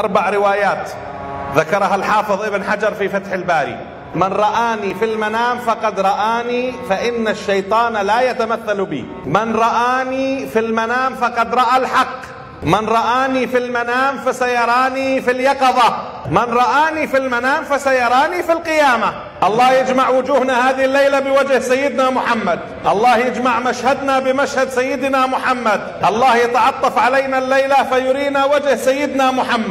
أربع روايات ذكرها الحافظ ابن حجر في فتح الباري من رآني في المنام فقد رآني فإن الشيطان لا يتمثل بي من رآني في المنام فقد رأى الحق من رآني في المنام فسيراني في اليقظة من رآني في المنام فسيراني في القيامة الله يجمع وجوهنا هذه الليلة بوجه سيدنا محمد الله يجمع مشهدنا بمشهد سيدنا محمد الله يتعطف علينا الليلة فيرينا وجه سيدنا محمد